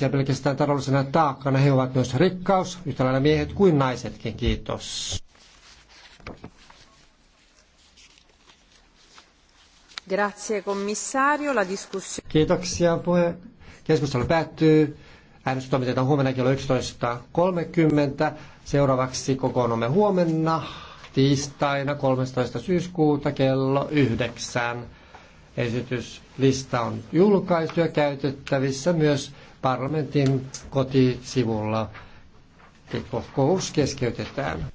ja pelkästään taloudellisena taakkana. He ovat myös rikkaus, yhtä lailla miehet kuin naisetkin. Kiitos. Grazie, commissario. La Kiitoksia. Puhe... Keskustelu päättyy. Äänestys toimitetaan huomenna kello 11.30. Seuraavaksi kokoonnumme huomenna tiistaina 13. syyskuuta kello 9. Esityslista on julkaistu ja käytettävissä myös parlamentin kotisivulla kokous keskeytetään.